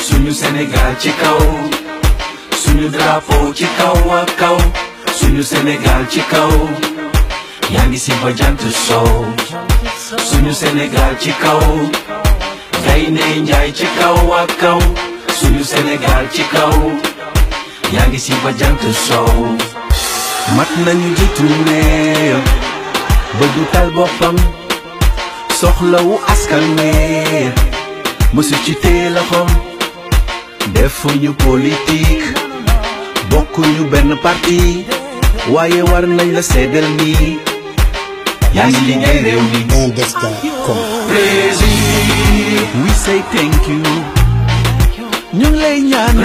Sunyu Senegal Chikau Sunyu Drapo Chikau Wakau Sunyu Senegal Chikau se Simba Jantu So Sunyu Senegal Chikau Gai Nenjai Chikau Wakau Sunyu Senegal Chikau Chikau yaa si bajang Kër Show mat nañu jitu neew bëgg tal soxla wu askal meer musu ci tee defu ñu politique ñu ben parti waye war nañ la seddal nii yaa ngi liggéey réew mi we say thank you ñu lay ñaan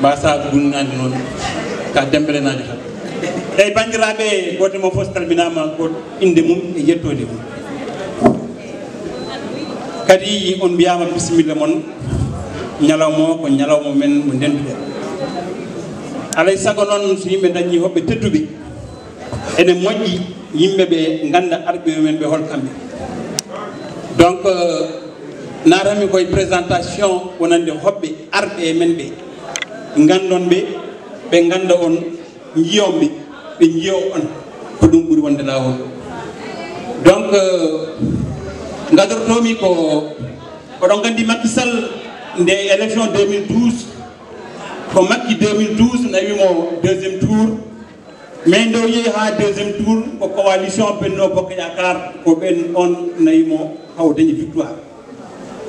mba saatu gunnaani noon ka dembelenaani ha eyyi banndiraaɓe goɗɗo mo fof talminaama ko innde mum e yettoode mum kadi on mbiyaama bisimilla mon ñalawma o ko ñalawma men mo ndenduɗen alay e sago noon so yimɓe dañii hoɓɓe tedduɓe ene moƴƴi yimɓe ɓe ngannda arɓe men ɓe hol kamɓe donc euh, naatami koye présentation wonande hoɓɓe arɓe e men ɓee gandon ɓe ɓe ganda on jiyomɓe ɓe jiya on ko ɗum ɓuuri wonde lawol donc euh, gadortomi ko oɗon gandi makkisal nde élection 2012 ko makki 2012 nawimo deuxiéme tour mais nde yeehi ha deuxiéme tour ko coalition ɓenno bokka yakar ko ɓen on nawimo haw dañi e victoire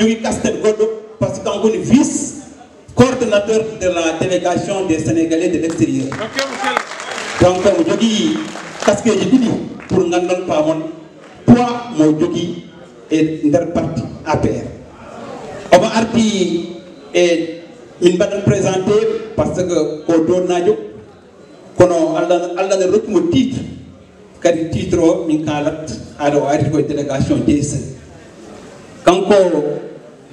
ñu ngi parce qu'en gone vice coordinateur de la délégation des Sénégalais de l'extérieur donc euh, parce que kaskeji ɗiɗi pour pas mon trois mo jogii est nder parti APR omo parti e min mbaɗan présenté présenter parce que ko donnajo kono allah allah ne rokkimo titre kadi titre o oh, min kalat haɗa o ari koye délégation Quand kanko euh,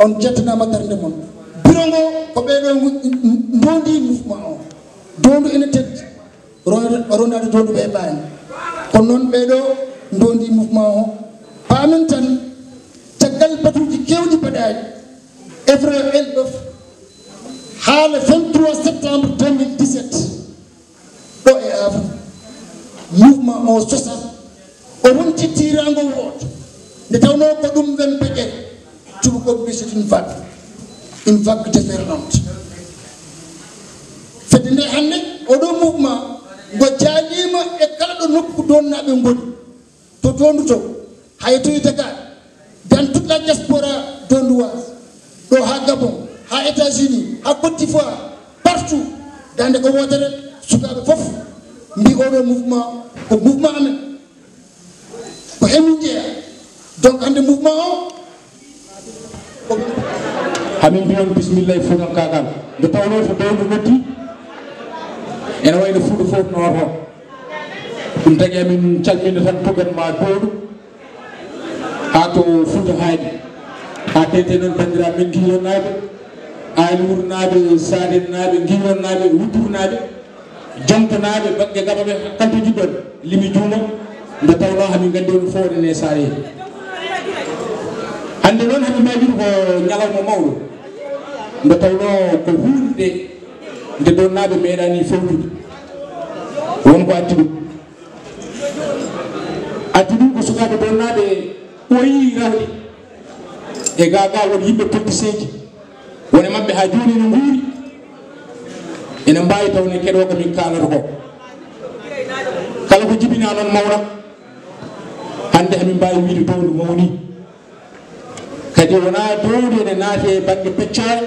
on jettanama darde mon bureau ngo ko ɓeɗo dondi mouvement o dondu ene ted rondade dondu ɓe e bani ko noon ɓeɗo dondi mouvement o paamen tan caggal batuji kewɗi baɗaji evre el ɓof haala 23 septembre 2017 ɗo e avre mouvement o sosa o wonti tirango woto nde tawno ko ɗum wen peƴere Tout le peuple, c'est une vague. Une vague déferlante. Faites une année, au dos mouvement, Gojalima et Kaladonok Donna Bengoni. Totonuto, Haïto Itaga, dans toute la diaspora d'Ondoise, au Hagabon, à États-Unis, à Côte d'Ivoire, partout, dans les commentaires, sur la fof, ni au mouvement, au mouvement, au Hemindé. Donc, un mouvement, hamin mbiyon bisimillahi fuunam kakal nde tawno to downdu noddi ene wayno fuuɗo fof noto ɗum tagi amin calmina tan tugan ma dowɗu ha to fuuɗo haaji ha tete noon bandira min giyonnaaɓe aliwur naaɓe sadin naaɓe giyon naaɓe wuddur naaɓe jonto naaɓe baɓe gaɓa ɓe kalte juɓɓon limi juuma nde tawno hamin gandiwon fof wonene sare hannde noon hami mayjuru ko ñalawma mawɗo nde tawno ko hulde nde donnaɓe meeɗani fewtude won ko atti ɗum atti ɗum ko sukaɓe donnaɓe ɓoyi rahli e gaga won yimɓe politicien ji wona mabɓe ha joni no guuri ene mbawi tawne keɗo ko min kalata ko kala ko jibina noon mawna hande hamin mbawi wiide dowdu mawni kadi wona dowdu ene naate bangge peccare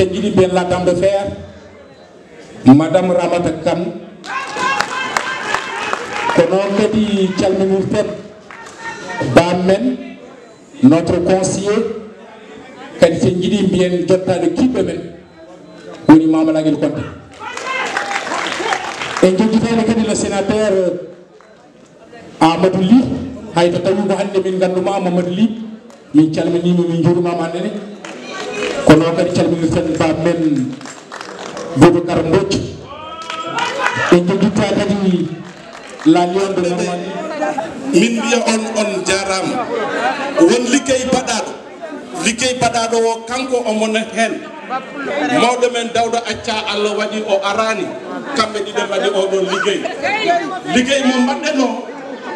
te jiɗi ɓen la dame de fer madame ramata kan ko noon kadi calminirten bam men notre conseiller kadi sen jiɗi mbiyen jottade kiɓɓe men woni mamalaguel konte e jogguitene kadi le sénateur amadou ly hayto tawi ko hande min ganduma mamadou ly min calminima min jurumama hannene ko noon kadi calminirten baa men boubacar mbocc en jejitta kadi la lion de mama min mbiya on on jarama won liggey baɗaɗo liggey baɗaɗo o kanko omona hen mawɗo men dawdo acca allah waɗi o arani kamɓe ɗiɗo mbaɗi oɗon liggey liggey mo mbaɗɗen o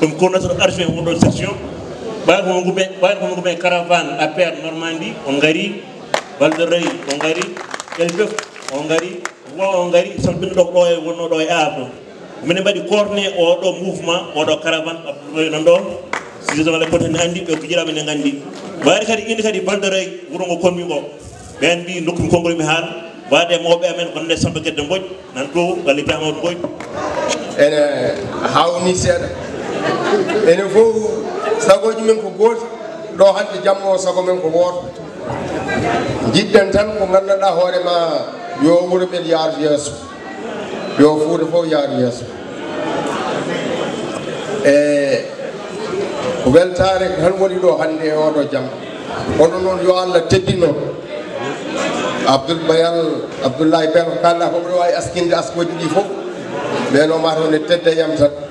ɗum konnatoto argen won ɗon section ɓawi ko ngume ɓawi ko ngume caravane apr normandi o gari balde rey o gari elbef o gari wa o gari sabu ɓinɗo ɗo e wonno e ɗo e aa ɗum minen mbaɗi corne oɗo mouvement oɗo caravane abdoyno ɗon sisale pot ene anndi ɓe kijiraɓe ne nganndi wawi kadi ini kadi balde rey wuro ngo commi o ɓen mbi dokkumi konngolmi haal wade mawɓe amen gonde samba gedde mboƴ nan to walla bi amadou mboƴ ene hawni seeɗa enen fof sagoji men ko gooti ɗo hande jamma o sago men ko wooto jiɗɗen tan ko gandanɗa hoorema yo wuuro men yaaru yeeso yo fuuda fof yaaru yeeso e ko weltare tan woni ɗo hande e oɗo jamma kono noon yo allah teddin noon abdoul bayal abdoullahi bel ko kalɗa foɓ ɗo wawi askinde askoji ɗi fof ɓeno mataone tedda yam tan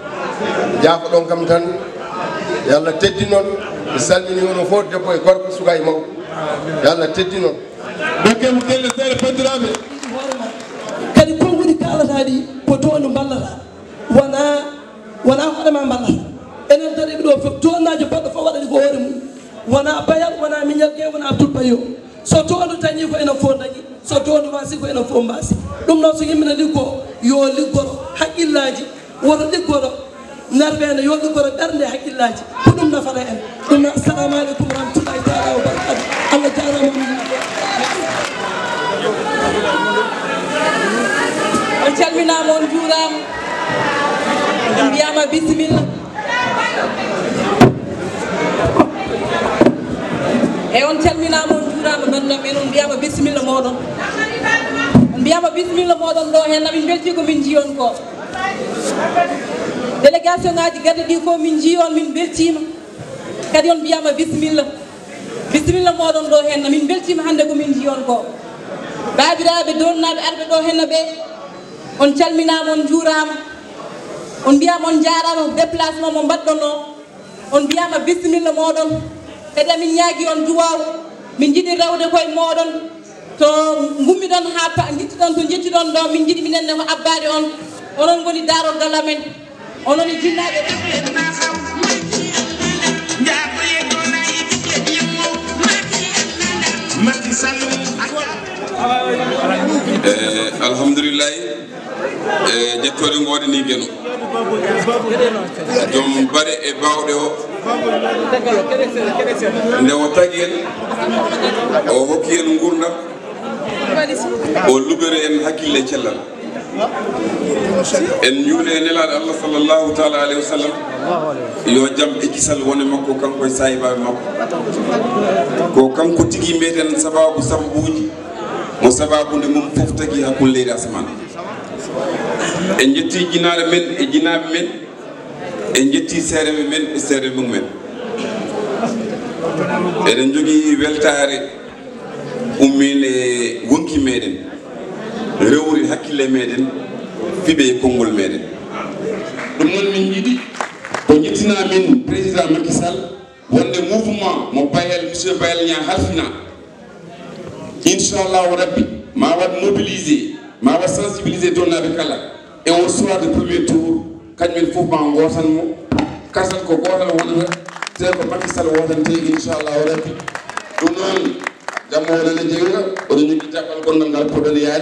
jaafo ɗon kam tan yo allah teddi noon mi salmini ono fo debbo e gorko sukay maw yo allah teddi noon bakkemo kelle seere pandiraɓe kadi ko woni kalataɗi ko toonde ballata wona wona hoɗema ballata enen tan eɓiɗo fof toonnajo baɗɗo fof waɗani ko hoore mum wona bayal wona miñal ge wona tulpayo so toonde tañi ko enen fof dañi so toonde mbasi ko enen fof mbasi ɗum noon so yimmina liggo yo liggoto haqqillaji woto liggoto نربينا يذكر برني حق الله كل النفر ان السلام عليكم ورحمه الله تعالى وبركاته الله تعالى من اجل منا من جورام انبياما بسم الله ايون اجل منا من جورام من انبياما بسم الله مودون انبياما بسم الله مودون دو هنا من بيلتي كو من جيون كو délégation ngaji gadde ɗi fof min jiyon min beltima kadi on mbiyama bisimilla bisimilla moɗon ɗo henna min beltima hande ko min jiyon ko babiraɓe donnaɓe arɓe ɗo henna ɓe on calminama on juurama on mbiyama on jarama déplacement mo mbaɗɗon o on mbiyama bisimilla moɗon kadi amin ñaagui on duwaw min jiiɗi rewde koye moɗon to gummiɗon ha jittiɗon to jettiɗon ɗo min jiiɗi minenne ko abbade on onon goni daro galamen ononi jinnaɓe alhamdoulillahi e ƴettode ngoode ni eh, eh, geno joom bare e bawɗe o nde o taguihen o hokki hen gurdam o lubere en hakkille cellal en juule nelaaɗo allah sallllahu taala alayhi wa sallam yo jam e kisal wone makko kanko e sahibaɓe makko ko kanko tigui mbiyeten sababu sababuji mo sababude mum foof tagui hakkude leydi asamane en jetti jinaɗo men e jinaɓe men en jetti sereɓe men e sere e mum men eɗen jogui weltare ummine wonki meɗen rewri hakkille meɗen fiɓe konngol meɗen ɗum noon min ko min président mouvement mo Bayel monsieur bayal ña halfina inchallahu rabbi mobilisé ma sensibilisé on soir de premier tour kañumen fof ma mo kasal ko wonata te ko wotante inchallahu rabbi ɗum noon jamma wonane jaɓɓal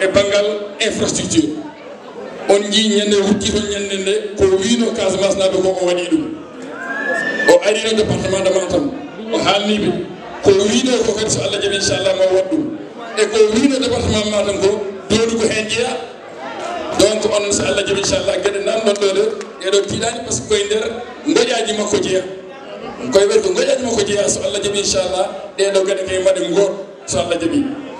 e banggal infrastructure on ji ñande hutti ton ñande nde ko wino casemas naɓe ko o waɗi ɗum o arino département de mantam o haalniɓe ko wino ko kadi so allah jaɓi inchallah ma waɗ ɗum e ko wino département matam ko dowdu ko hen jeeya donc onon so allah jaɓi inchallah gueɗe nannoɗɗoɗe ɗeɗo tiɗani par ce que koye nder goƴaji makko jeeya koye ɓeyde ko goƴaji makko jeeya so allah jaɓi inchallah ɗeɗo gueɗe kay mbaɗe goot so allah jaɓi